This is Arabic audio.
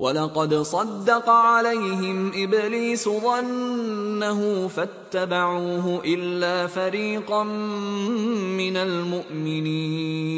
ولقد صدق عليهم ابليس ظنه فاتبعوه الا فريقا من المؤمنين